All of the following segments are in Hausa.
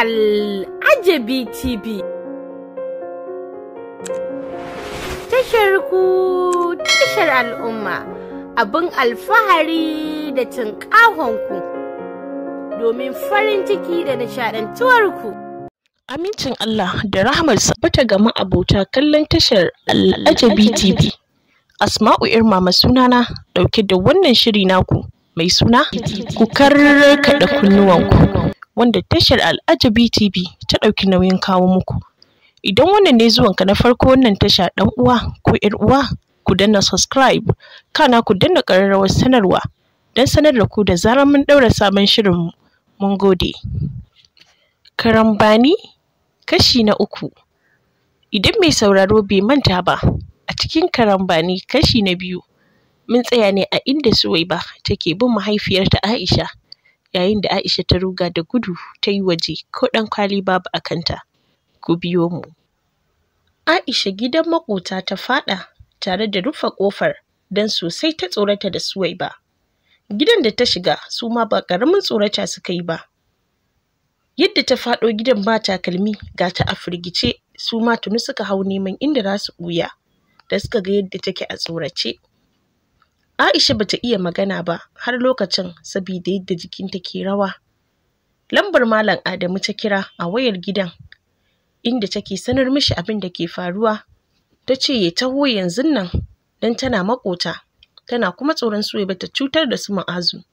Al'ajabi TV. Tashar ku tashar al'umma abin alfahari da cin ku domin farin ciki da ku. Amincin Allah da rahmarsa bata gama abota kallon tashar Al'ajabi TV. Asma'u ma sunana dauke da wannan shiri naku mai suna ku karkaɗa kunnuwanku. wanda tashar Al'ajabi TV ta ɗauki nauyin kawo muku. Idan wannan ne zuwanka na farko wannan tasha ɗan uwa ko ‘yar uwa ku danna subscribe kana ku danna ƙararrawar sanarwa don sanar da ku da zarar mun ɗaura sabon shirin mun gode. Karambani kashi na uku. Idan mai sauraro bai manta ba a cikin karambani kashi na biyu mun tsaya ne a inda Suwaiba take bin mahaifiyarta Aisha yayin da Aisha ta ruga da gudu ta yi waje ko ɗan kwali babu a kanta. Ku biyo mu. Aisha gidan maƙota ta faɗa tare da rufe ƙofar don sosai ta tsorata da Suwaiba. Gidan da ta shiga su ma ba ƙaramin tsorata suka yi ba. Yadda ta faɗo gidan ba takalmi ga ta a firgice su ma tuni suka hau neman inda za su ɓuya da suka ga yadda take a tsorace. Aisha bata iya magana ba har lokacin saboda yadda jikinta ke rawa. Lambar Malam Adamu ta kira a wayar gidan inda take sanar mishi abin da ke faruwa. Ta ce ya taho yanzun nan don tana maƙota tana kuma tsoron Suwaiba ta cutar da su Ma'azu.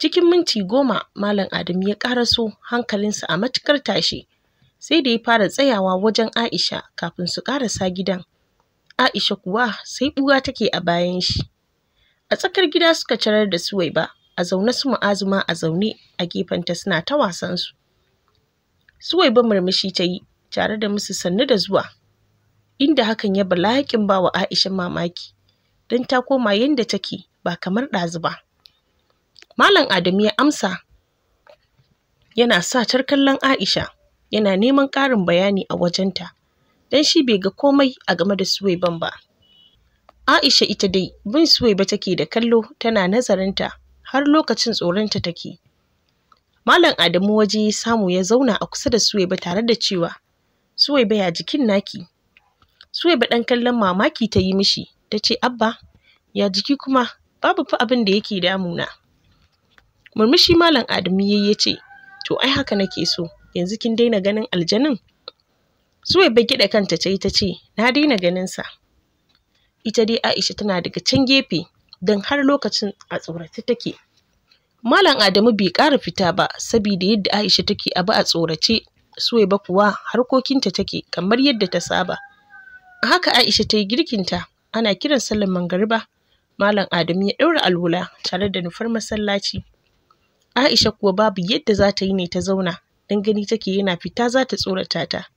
Cikin minti goma Malam Adamu ya ƙara so hankalinsa a matukar tashi sai da ya fara tsayawa wajen Aisha kafin su ƙarasa gidan. Aisha kuwa sai ɓuya take a bayan shi. A tsakar gida suka carar da Suwaiba, a zaune su mu'azuma a zaune a gefenta suna ta wasansu. Suwaiba murmushi ta yi tare da musu sannu da zuwa, inda hakan ya balaƙin ba wa Aisha mamaki, don ta koma yadda take ba kamar ɗazu ba. Malam Adamu ya amsa yana tar kallon Aisha, yana neman ƙarin bayani a wajenta, don shi bai ga komai a game da Suwaiban ba. Aisha ita dai bin Suwaiba take da kallo tana nazarinta har lokacin tsoronta take. Malam Adamu waje samu ya zauna a kusa da Suwaiba tare da cewa Suwaiba ya jikin naki. Suwaiba ɗan kallon mamaki ta yi mishi ta ce Abba ya jiki kuma babu fa abin da yake damuna. Murmushi Malam Adamu ya ce to ai haka nake so yanzu kin daina ganin aljanin. Suwaiba gida kanta ta yi ta ce na daina ganinsa. ita dai Aisha tana daga can gefe don har lokacin a tsorace take Malam Adamu bai ƙara fita ba saboda yadda Aisha take abu a tsorace ba kuwa harkokinta take kamar yadda ta saba haka Aisha ta yi girkinta ana kiran sallar mangariba Malam Adamu ya ɗaura alwala tare da nufar masallaci. Aisha kuwa babu yadda za ta yi ne ta zauna, don gani take yana fita za ta tsorata ta.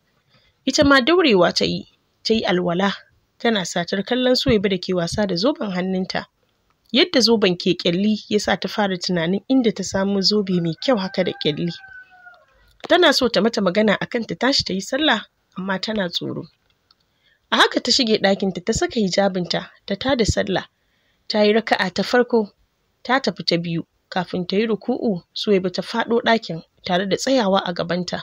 Ita ma daurewa ta yi, ta yi alwala tana satar kallon Suwaiba da ke wasa da zoben hannunta. Yadda zoben ke ƙyalli ya sa ta fara tunanin inda ta samu zobe mai kyau haka da kyalli. Tana so ta mata magana akan ta tashi ta yi sallah amma tana tsoro. A haka ta shige ɗakinta ta saka hijabinta ta da sallah. Ta yi raka'a ta farko ta tafi ta biyu kafin ta yi ruku'u soyayya ta faɗo ɗakin tare da tsayawa a gabanta.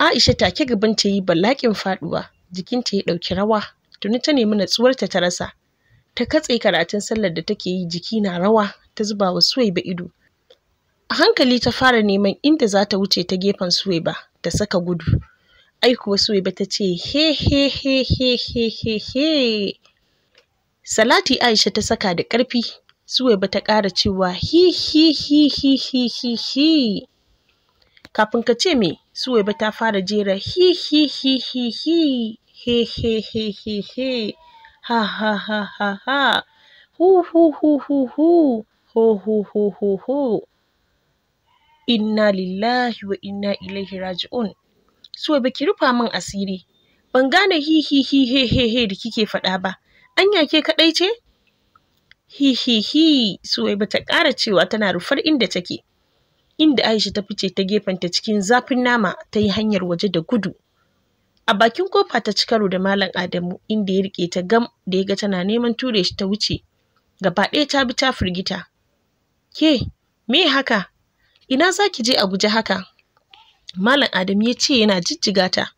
Aisha take gaban ta yi balaƙin faɗuwa jikinta ya ɗauki rawa tuni ta nemi natsuwarta ta rasa ta katse karatun sallar da take yi jiki na rawa ta zuba wa suwaiba ido a hankali ta fara neman inda za ta wuce ta gefen suwaiba ta saka gudu ai kuwa suwaiba ta ce he he he he he he he salati aisha ta saka da ƙarfi suwaiba ta ƙara cewa hi hi hi hi hi hi hi kafin ka ce me suwaiba ta fara jera hi hi hi hi hi he he he he he ha ha ha ha ha hu hu hu hu hu ho ho ho ho ho inna lillahi wa inna ilaihi raji'un so ki rufa min asiri ban gane hi hi hi he he he da kike faɗa ba anya ke kaɗai ce hi hi hi suwaiba ta ƙara cewa tana rufar inda take inda Aisha ta fice ta gefenta cikin zafin nama ta yi hanyar waje da gudu. a bakin kofa ta ci karo da malam adamu inda ya rike ta gam da ya ga tana neman ture shi ta wuce gaba ɗaya ta bi ta firgita ke me haka ina za ki je abuja haka malam adamu ya ce yana jijjiga ta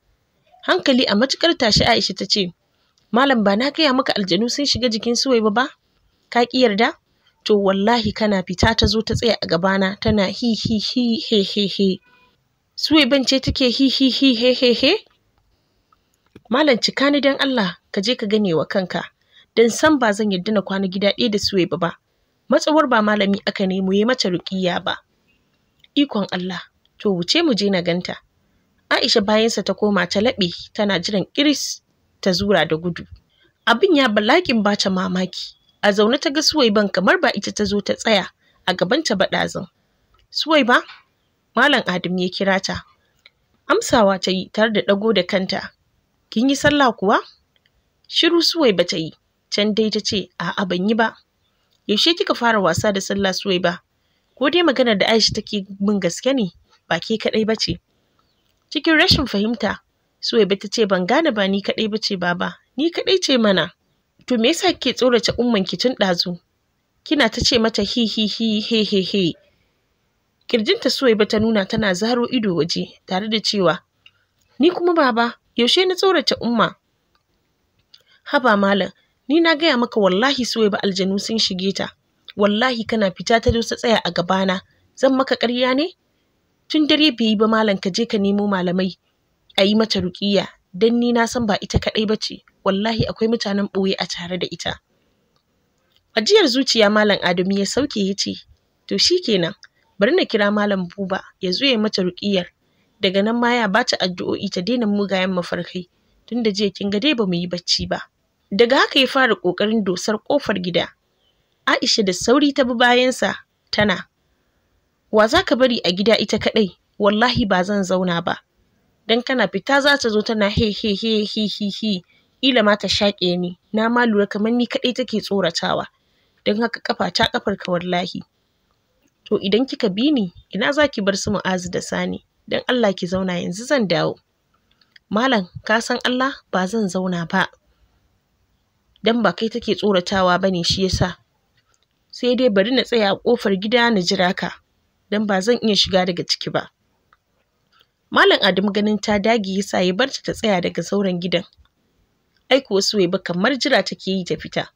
hankali a matukar tashi aisha ta ce malam ba na gaya maka aljanu sun shiga jikin suwaiba ba ka ki yarda to wallahi kana fita ta zo ta tsaya a gabana tana hi hi hi he he he suwaiban ce take hi hi hi he he he malam cika ni don Allah ka je ka gane wa kanka don san ba zan yarda na kwana gida ɗaya da Suwaiba ba ba matsawar ba malami aka nemo yi mace ruƙiyya ba ikon Allah to wuce mu je na ganta Aisha bayansa ta koma ta laɓe tana jiran Iris ta zura da gudu abin ya balakin bata mamaki a zaune ta ga suwai ban kamar ba ita ta zo ta tsaya a gabanta suwai ba malam Adam ya kira ta amsawa ta yi tare da ɗago da kanta kin yi sallah kuwa shiru suwai ba ta yi can dai ta ce a'a ban yi ba yaushe kika fara wasa da sallah suwai ba ko dai maganar da aisha take min gaske ne ba ke kaɗai ba ce cikin rashin fahimta suwai ba ta ce ban gane ba ni kaɗai ba ce baba ni kaɗai ce mana to me yasa kike tsorace umman ki tun ɗazu kina ta ce mata hi hi hi he he he kirjinta suwai ba ta nuna tana zaro ido waje tare da cewa ni kuma baba yaushe na tsorata umma haba malam ni na gaya maka wallahi soyi ba aljanu sun shige ta wallahi kana fita ta dusa tsaya a gabana zan maka ƙarya ne tun dare bai yi ba malam ka je ka nemo malamai a yi mata ruƙiya don ni na san ba ita kaɗai ba ce wallahi akwai mutanen ɓoye a tare da ita ajiyar zuciya malam adamu ya sauke ya ce to shi kenan bari na kira malam buba ya zo ya mata ruƙiyar daga nan ma ya bata addu'o'i ta daina mugayen mafarkai tunda jiya kin ga dai bamu yi bacci ba daga haka ya fara kokarin dosar kofar gida Aisha da sauri ta bi bayansa tana wa za ka bari a gida ita kadai wallahi ba zan zauna ba dan kana fita za ta zo tana he he he hi hi hi ila ma ta shaƙe ni na ma lura kamar ni kadai take tsoratawa dan haka kafa ta kafar ka wallahi to idan kika bi ni ina za ki bar su mu'azu da sani don Allah ki zauna yanzu zan dawo malam ka san Allah ba zan zauna ba don ba kai take tsoratawa ba ne shi yasa sai dai bari na tsaya a ƙofar gida na jira ka don ba zan iya shiga daga ciki ba malam adamu ganin ta dage yasa ya barta ta tsaya daga sauran gidan ai kuwa ba kamar jira take yi ta fita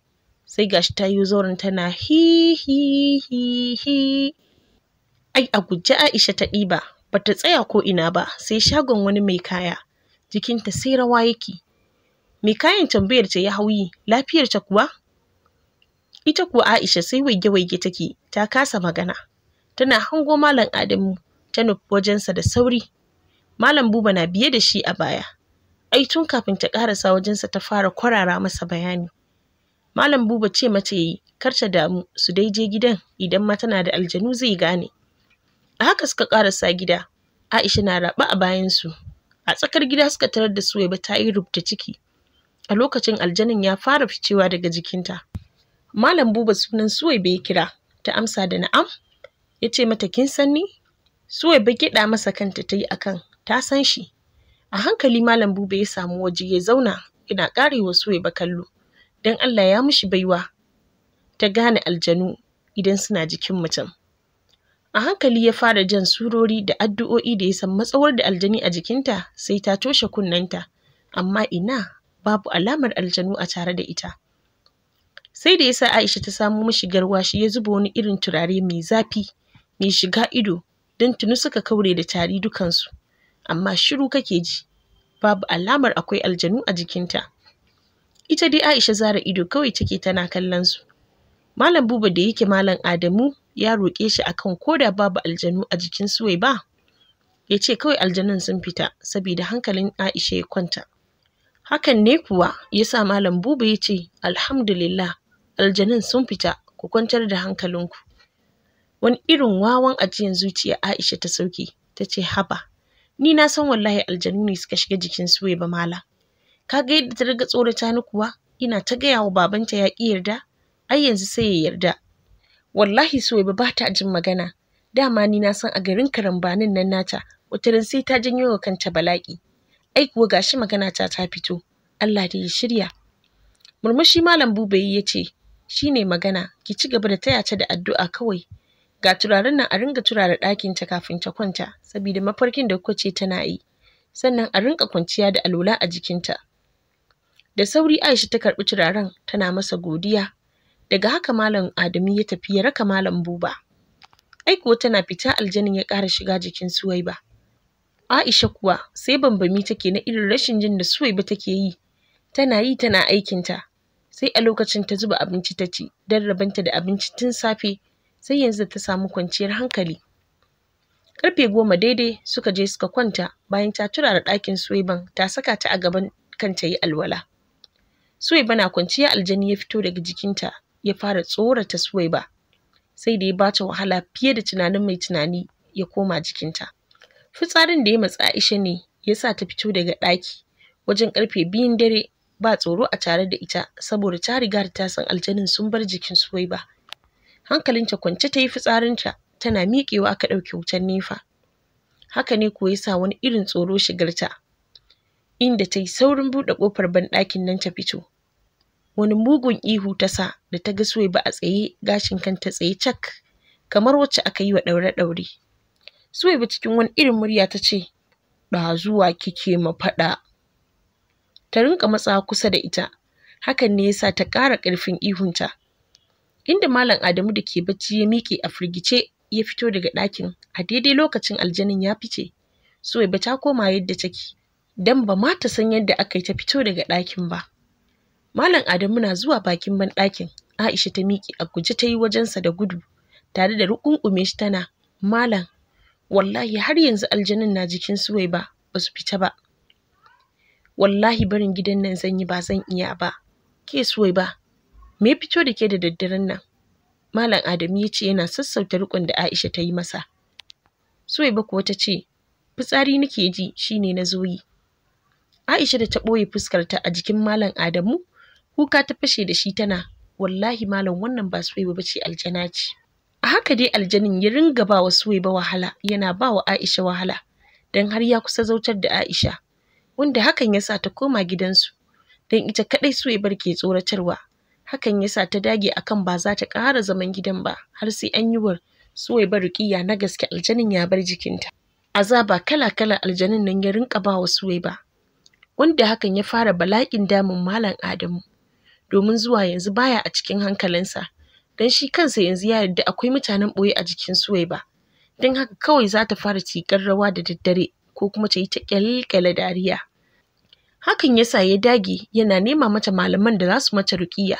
sai gashi ta yi zauren tana hi hi hi hi ai a guje Aisha ta ɗiba bata tsaya ko ina ba sai shagon wani mai kaya jikinta sai rawa yake mai kayan tambayar ta ya hauyi lafiyar ta kuwa ita kuwa Aisha sai waige waige take ta kasa magana tana hango malam Adamu ta nufi wajensa da sauri malam Buba na biye da shi a baya ai tun kafin ta karasa wajensa ta fara kwarara masa bayani malam Buba ce mace yi kar ta damu su dai je gidan idan ma tana da aljanu zai gane a haka suka karasa gida aisha na raba a bayansu a tsakar gida suka tarar da suwaiba ta yi rubuta ciki a lokacin aljanin ya fara ficewa daga jikinta malam buba sunan suwaiba ya kira ta amsa da na'am ya ce mata kin san ni suwaiba gyaɗa masa kanta ta yi akan ta san shi a hankali malam buba ya samu waje ya zauna yana ƙarewa suwaiba kallo don allah ya mishi baiwa ta gane aljanu idan suna jikin mutum a hankali ya fara jan surori da addu'o'i da ya san matsawar da aljani a jikinta sai ta toshe kunnenta amma ina babu alamar aljanu a tare da ita sai da ya sa Aisha ta samo garwa shi ya zuba wani irin turare mai zafi mai shiga ido don tuni suka kaure da tari dukansu amma shiru kake ji babu alamar akwai aljanu a jikinta ita dai Aisha zara ido kawai take tana kallon su Malam Buba da yake Malam Adamu ya roƙe shi a kan ko da babu aljanu a jikin suwai ba ya ce kawai aljanun sun fita saboda hankalin aisha ya kwanta hakan ne kuwa ya sa malam bubu ya ce alhamdulillah aljanun sun fita ku kwantar da hankalinku wani irin wawan ajiyan zuciya aisha ta sauke ta ce haba ni na san wallahi aljanu ne suka shiga jikin suwe ba mala ka ga yadda ta riga tsorata ni kuwa ina ta gaya wa babanta ya yarda ai yanzu sai ya yarda wallahi so ba ta jin magana dama ni na san a garin karambanin nan nata wataran sai ta janyo wa kanta bala'i ai kuwa gashi magana ta ta fito Allah da ya shirya murmushi malam bubayi ya ce shine magana ki ci gaba da taya ta da addu'a kawai ga turaren nan a ringa turare ɗakin ta kafin ta kwanta saboda mafarkin da kuka ce tana yi sannan a ringa kwanciya da alwala a jikinta da sauri Aisha ta karɓi turaren tana masa godiya daga haka malam adamu ya tafi ya raka malam buba ai kuwa tana fita aljanin ya ƙara shiga jikin suwaiba aisha kuwa sai bambami take na irin rashin jin da suwaiba take yi tana yi tana aikinta sai a lokacin ta zuba abinci ta ci don rabanta da abinci tun safe sai yanzu ta samu kwanciyar hankali karfe goma daidai suka je suka kwanta bayan ta turara ɗakin suwaiban ta saka ta a gaban kanta yi alwala suwaiba na kwanciya aljani ya fito daga jikinta ya fara tsorata Suwaiba sai da ya bata wahala fiye da tunanin mai tunani ya koma jikinta. Fitsarin da ya matsa Aisha ne ya sa ta fito daga ɗaki wajen ƙarfe biyun dare ba tsoro a tare da ita saboda ta riga da ta san aljanin sun bar jikin Suwaiba. Hankalinta kwance ta yi fitsarinta tana miƙewa aka ɗauke wutar nefa. Haka ne kuwa ya sa wani irin tsoro shigarta inda ta yi saurin buɗe ƙofar banɗakin nan ta fito. wani mugun ihu ta sa da ta ga Suwaiba a tsaye gashin kanta tsaye cak kamar wacce aka yi wa ɗaure-ɗaure. Suwaiba cikin wani irin murya ta ce, zuwa kike ma faɗa. Ta rinka matsa kusa da ita, hakan ne yasa ta ƙara ƙarfin ihunta. Inda Malam Adamu da ke bacci ya miƙe a firgice ya fito daga ɗakin a daidai lokacin aljanin ya fice. Suwaiba ta koma yadda take, don ba ma ta san yadda aka yi ta fito daga ɗakin ba. Malam Adamu na zuwa bakin banɗakin, Aisha ta miƙe a guje ta yi wajensa da gudu, tare da rukunkume shi tana, Malam, wallahi har yanzu Aljanun na jikin suwai ba, su fita ba. Wallahi barin gidan nan zan yi ba zan iya ba, ke suwai ba, me fito da ke da daddaren nan? Malam Adamu ya ce yana sassauta riƙon da Aisha ta yi masa. Suwaiba kuwa ta ce, fitsari nake ji shine na zo yi. Aisha da ta ɓoye fuskarta a jikin Malam Adamu kuka ta fashe da shi tana wallahi malam wannan ba suwaiba ba ce aljana ce a haka dai aljanin ya ringa ba wa suwaiba wahala yana ba wa aisha wahala don har ya kusa zautar da aisha wanda hakan ya sa ta koma gidansu don ita kaɗai suwaibar ke tsoratarwa hakan ya sa ta dage akan ba za ta ƙara zaman gidan ba har sai an yi wa suwaibar ruƙiya na gaske aljanin ya bar jikinta azaba kala-kala aljanin nan ya rinka ba wa suwaiba wanda hakan ya fara bala'in damun malam adamu domin zuwa yanzu baya a cikin hankalinsa don shi kansa yanzu ya yarda akwai mutanen ɓoye a jikin Suwaiba don haka kawai za ta fara cikar rawa da daddare ko kuma ta yi ta kyalkyala dariya hakan yasa ya dage yana nema mata malaman da za su mata ruƙiya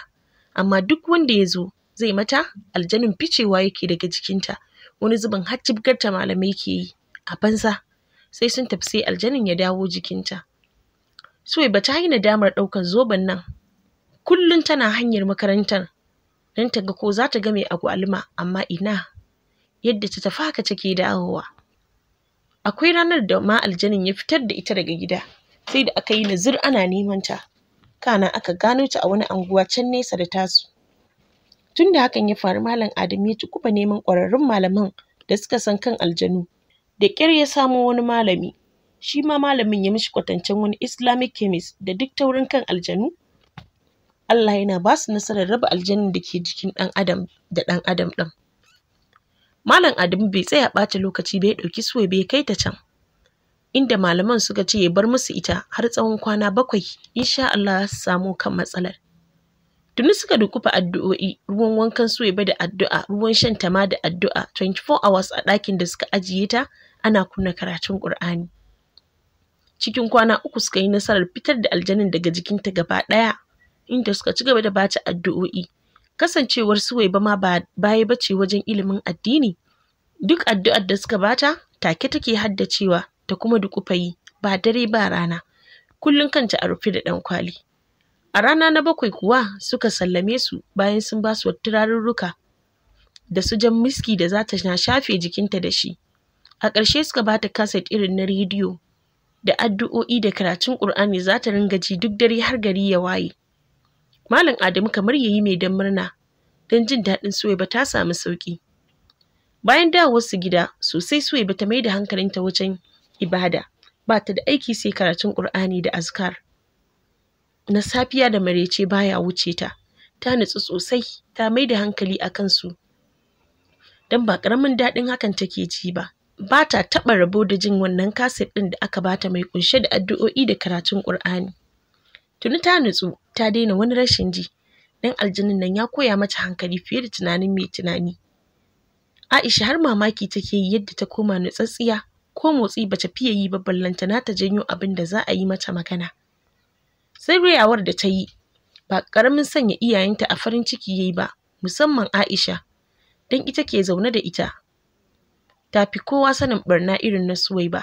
amma duk wanda ya zo zai mata aljanin ficewa yake daga jikinta wani zubin har jibgarta malamai ke yi a banza sai sun tafi sai aljanin ya dawo jikinta Suwaiba ta yi nadamar ɗaukar zoben nan kullum tana hanyar makarantar don ta ga ko za ta ga mai agwaluma amma ina yadda ta tafi haka take dawowa akwai ranar da ma aljanin ya fitar da ita daga gida sai da aka yi nazir ana neman ta kana aka gano ta a wani anguwa can nesa da tasu tun da hakan ya faru malam Adamu ya ci kuma neman ƙwararrun malaman da suka san kan aljanu da ƙyar ya samo wani malami shi ma malamin ya mishi kwatancen wani islamic chemist da duk taurin kan aljanu Allah yana ba su nasarar raba aljannin da ke jikin ɗan adam da ɗan adam ɗin. Malam Adamu bai tsaya ɓata lokaci bai ɗauki suwe bai kai ta can. Inda malaman suka ce ya bar musu ita har tsawon kwana bakwai insha Allah su samu kan matsalar. Tuni suka dukufa addu'o'i ruwan wankan suwe da addu'a ruwan shan tama da addu'a 24 hours a ɗakin da suka ajiye ta ana kunna karatun Ƙur'ani. Cikin kwana uku suka yi nasarar fitar da aljanin daga jikinta gaba ɗaya inda suka ci gaba da bata addu'o'i kasancewar Suwaiba ma ba baya bace wajen ilimin addini duk addu'ar da suka bata take take haddacewa ta kuma dukufa yi ba dare ba rana kullum kanta a rufe da dan kwali a rana na bakwai kuwa suka sallame su bayan sun ba su turarurruka da su jan miski da za ta shafe jikinta da shi a ƙarshe suka ba ta kaset irin na rediyo da addu'o'i da karatun ƙur'ani za ta ringa ji duk dare har gari ya waye Malam Adamu kamar yayi mai dan murna don jin daɗin Suwaiba ta samu sauƙi. Bayan dawowarsu gida sosai Suwaiba ta mai da hankalinta wajen ibada ba ta da aiki sai karatun Ƙur'ani da azkar. Na safiya da marece baya wuce ta, ta nutsu sosai ta mai da hankali a kansu don ba ƙaramin daɗin hakan take ji ba. Ba ta taɓa rabo da jin wannan kaset ɗin da aka bata mai ƙunshe da addu'o'i da karatun Ƙur'ani. tuni ta nutsu ta daina wani rashin ji dan aljinin nan ya koya mata hankali fiye da tunanin mai tunani Aisha har mamaki take yi yadda ta koma nutsatsiya ko motsi bata fiye yi ba na ta janyo abin da za a yi mata magana sai rayawar da ta yi ba karamin sanya iyayenta a farin ciki yayi ba musamman Aisha dan ita ke zaune da ita Tafi kowa sanin barna irin na Suwaiba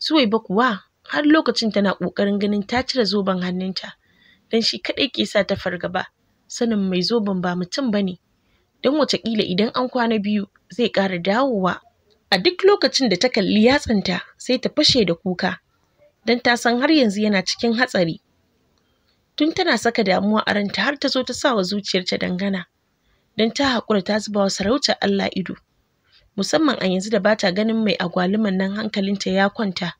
Suwaiba kuwa har lokacin tana ƙoƙarin ganin ta cire zoben hannunta don shi kaɗai ke sa ta fargaba sanin mai zoben ba mutum ba ne don ƙila idan an kwana biyu zai ƙara dawowa a duk lokacin da ta kalli yatsanta sai ta fashe da kuka don ta san har yanzu yana cikin hatsari tun tana saka damuwa a ranta har ta zo ta sa wa zuciyarta dangana don ta haƙura ta zuba wa sarautar Allah ido musamman a yanzu da bata ganin mai agwaluman nan hankalinta ya kwanta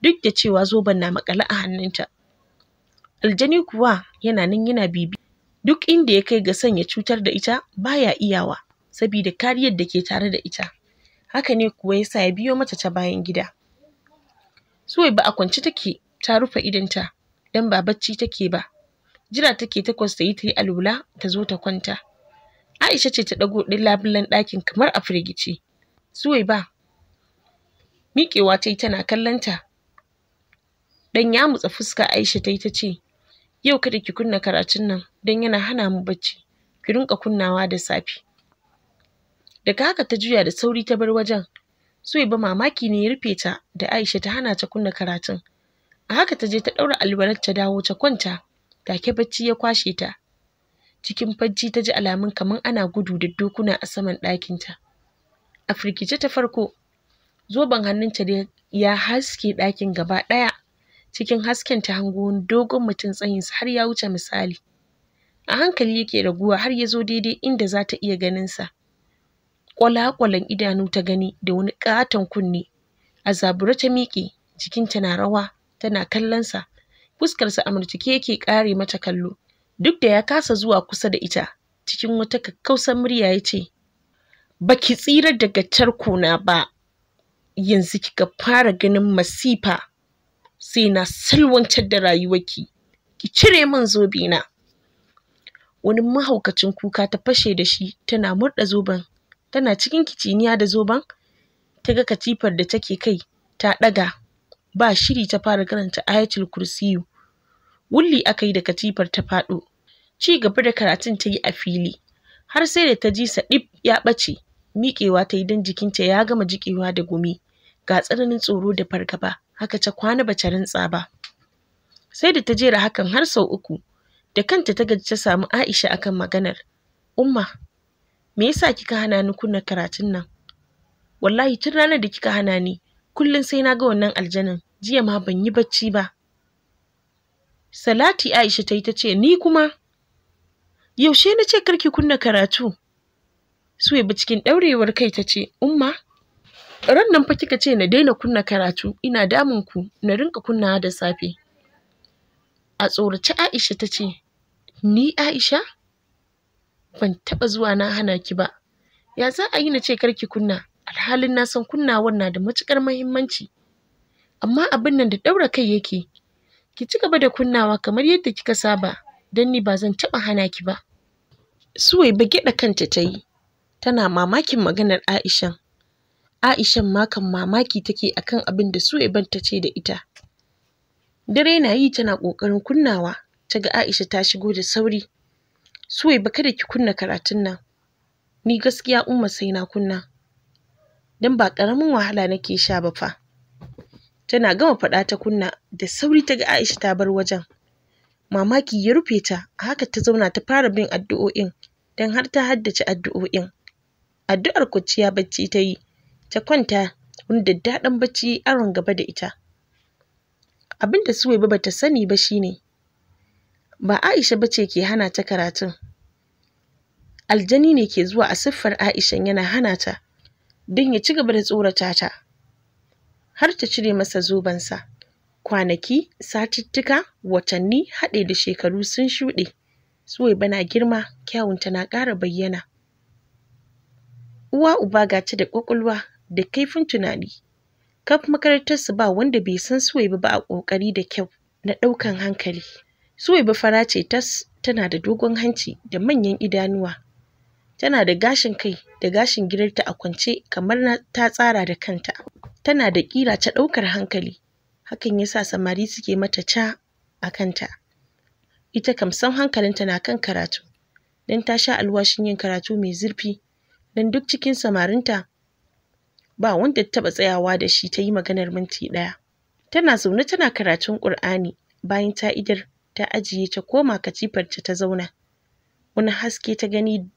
duk da cewa zoben na maƙale a hannunta. Aljani kuwa yana nan yana bibi duk inda ya kai ga sanya cutar da ita baya iyawa sabida kariyar da ke tare da ita. Haka ne kuwa ya sa ya biyo mata ta bayan gida. Suwaiba a kwance take ta rufe idonta don ba bacci take ba. Jira take takwas ta yi ta yi alwala ta zo ta kwanta. Aisha ce ta ɗago ɗin labulen ɗakin kamar a firgice. Suwaiba miƙewa ta yi tana kallonta dan ya mutsa fuska Aisha ta yi ta ce yau kada ki kunna karatun nan don yana hana mu bacci ki rinka kunnawa da safe daga haka ta juya da sauri ta bar wajen ba mamaki ne ya rufe ta da Aisha ta hana ta kunna karatun a haka ta je ta ɗaura alwalar ta dawo ta kwanta take bacci ya kwashe ta cikin bacci ta ji alamun kamar ana gudu da dokuna a saman ɗakinta a firgice ta farko zoben hannunta ya haske ɗakin gaba ɗaya cikin hasken ta hango wani dogon mutum tsayinsa har ya wuce misali a hankali yake raguwa har ya zo daidai inda za ta iya ganinsa kwalakwalan idanu ta gani da wani ƙaton kunne a zabura ta miƙe jikinta na rawa tana kallonsa fuskarsa a murtuke yake ƙare mata kallo duk da ya kasa zuwa kusa da ita cikin wata kakkausar murya ya ce baki tsira daga na ba yanzu kika fara ganin masifa sai na salwantar da rayuwarki ki cire min zobe na wani mahaukacin kuka ta fashe da shi tana murɗa zoben tana cikin kiciniya da zoben ta ga katifar da take kai ta ɗaga ba shiri ta fara karanta ayatul kursiyu wulli aka yi da katifar ta faɗo ci gaba da karatun ta yi a fili har sai da ta ji sa ya ɓace miƙewa ta yi don jikinta ya gama jiƙewa da gumi ga tsananin tsoro da fargaba haka ta kwana bace rintsa ba sai da ta jera hakan har sau uku da kanta ta gaji ta samu Aisha akan maganar umma me yasa kika hana ni kunna karatun nan wallahi tun ranar da kika hana ni kullum sai na ga wannan aljanin jiya ma ban yi bacci ba Salati Aisha ta yi ta ce ni kuma yaushe na ce karki kunna karatu Suwaiba cikin ɗaurewar kai ta ce umma ran nan fa kika ce na daina kunna karatu ina damun ku na rinka kunnawa da safe a tsorace Aisha ta ce ni Aisha ban taɓa zuwa na hana ki ba ya za a yi na ce kar ki kunna alhalin na san kunnawar na da matuƙar muhimmanci amma abin nan da ɗaura kai yake ki ci gaba da kunnawa kamar yadda kika saba don ni ba zan taɓa hana ki ba Suwai gyaɗa kanta ta yi tana mamakin maganar Aisha. Aishan ma kan mamaki take akan abin da Suwaiban ta ce da ita. Dare na yi tana ƙoƙarin kunnawa, ta ga Aisha ta shigo da sauri. Suwaiba kada ki kunna karatun nan. Ni gaskiya Umma sai na kunna. Dan ba ƙaramin wahala nake sha ba fa. Tana gama faɗa ta kunna da sauri ta ga Aisha ta bar wajen. Mamaki ya rufe ta, a haka ta zauna ta fara bin addu'o'in, don har ta haddace addu'o'in. Addu'ar kwanciya bacci ta yi, ta kwanta wani daddaɗan bacci aron gaba da ita abin da Suwaiba ta sani ba shine ba Aisha ba ce ke hana ta karatun aljani ne ke zuwa a siffar Aishan yana hana ta don ya ci gaba da tsorata ta har ta cire masa zobensa kwanaki satuttuka watanni haɗe da shekaru sun shuɗe Suwaiba na girma kyawunta na ƙara bayyana uwa uba ga ta da ƙwaƙwalwa da kaifin tunani kaf su ba wanda bai san suwaiba ba a ƙoƙari da kyau na ɗaukan hankali suwaiba fara ce tas tana da dogon hanci da manyan idanuwa tana da gashin kai da gashin girarta a kwance kamar na ta tsara da kanta tana da ƙira ta ɗaukar hankali hakan ya sa samari suke mata ca a kanta ita kam sam ta na kan karatu don ta sha alwashin yin karatu mai zurfi don duk cikin samarinta ba wanda ta taɓa tsayawa da shi ta yi maganar minti ɗaya tana zaune tana karatun ƙur'ani bayan ta idar ta ajiye ta koma katifarta ta zauna wani haske ta gani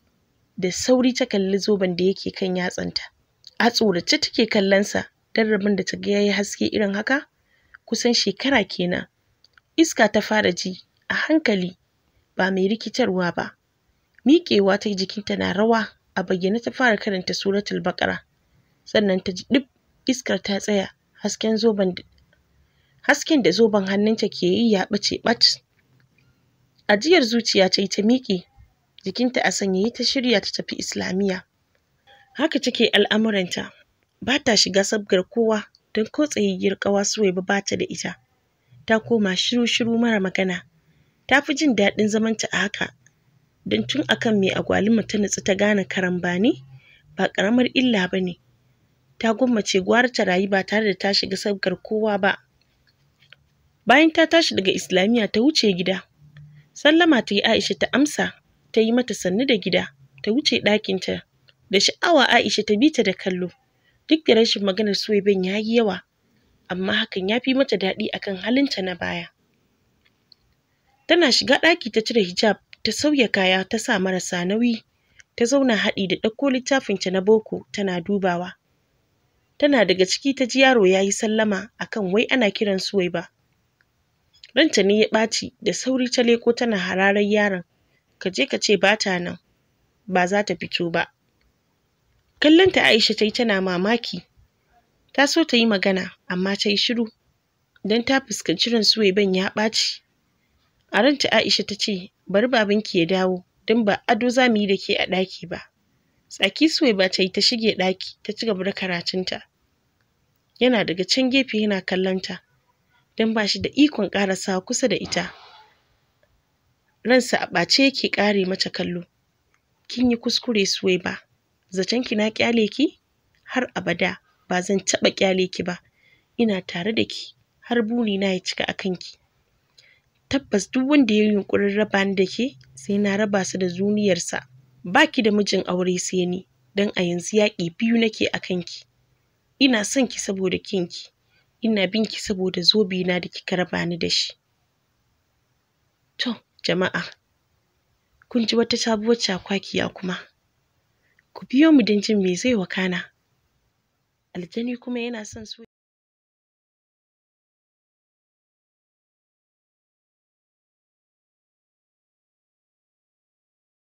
da sauri ta kalli zoben da yake kan yatsanta a tsorace take kallonsa don rabin da ta ga yayi haske irin haka kusan shekara kenan iska ta fara ji a hankali ba mai rikitarwa ba miƙewa ta jikinta na rawa a bayyane ta fara karanta suratul baƙara sannan ta ji duk iskar ta tsaya hasken zoben hasken da zoben hannunta ke yi ya ɓace ɓat ajiyar zuciya ta ta miƙe jikinta a sanyaye ta shirya ta tafi islamiyya haka take al'amuranta ba ta shiga sabgar kowa don ko tsayayyar ƙawa suwaiba ba ta da ita ta koma shiru-shiru mara magana ta fi jin daɗin zamanta a haka don tun akan mai agwaluma ta nutsu ta gane karambani ba ƙaramar illa ba ne ta gwammace gwara ta rayu ba tare da ta shiga sabgar kowa ba bayan ta tashi daga Islamiya ta wuce gida sallama ta yi aisha ta amsa ta yi mata sannu da gida ta wuce ɗakinta da sha'awa aisha ta bi ta da kallo duk da rashin maganar Suwaiban ya yi yawa amma hakan ya fi mata daɗi akan ta na baya tana shiga ɗaki ta cire hijab ta sauya kaya ta sa marasa nauyi ta zauna haɗi da ɗauko littafinta na boko tana dubawa tana daga ciki ta ji yaro ya yi sallama akan wai ana kiran wai ba ranta ne ya ɓaci da sauri ta leko tana hararar yaron ka je ka ce ba ta nan ba za ta fito ba Kallonta aisha ta yi tana mamaki ta so ta yi magana amma ta yi shiru don ta fuskanci ran suwaiban ya ɓaci a ranta aisha ta ce bari babanki ya dawo don ba ado za mu yi da ke a ɗaki ba tsaki Suwaiba ba ta yi ta shige ɗaki ta ci gaba da karatunta yana daga can gefe yana kallon ta don ba shi da ikon ƙarasawa kusa da ita ransa a ɓace yake ƙare mata kallo kin yi kuskure suwai ba zaton ki na ƙyale ki har abada ba zan taɓa ƙyale ki ba ina tare da ki har buri na ya cika a kanki tabbas duk wanda ya yi yunƙurin raba ni da ke sai na raba su da zuniyarsa ba ki da mijin aure sai ni don a yanzu yaƙi biyu nake a kanki ina son ki saboda kinki ina bin ki saboda zobe na da kika raba ni da shi to jama'a kun ji wata sabuwar cakwakiya kuma ku biyo mu don jin me zai wakana aljani kuma yana son so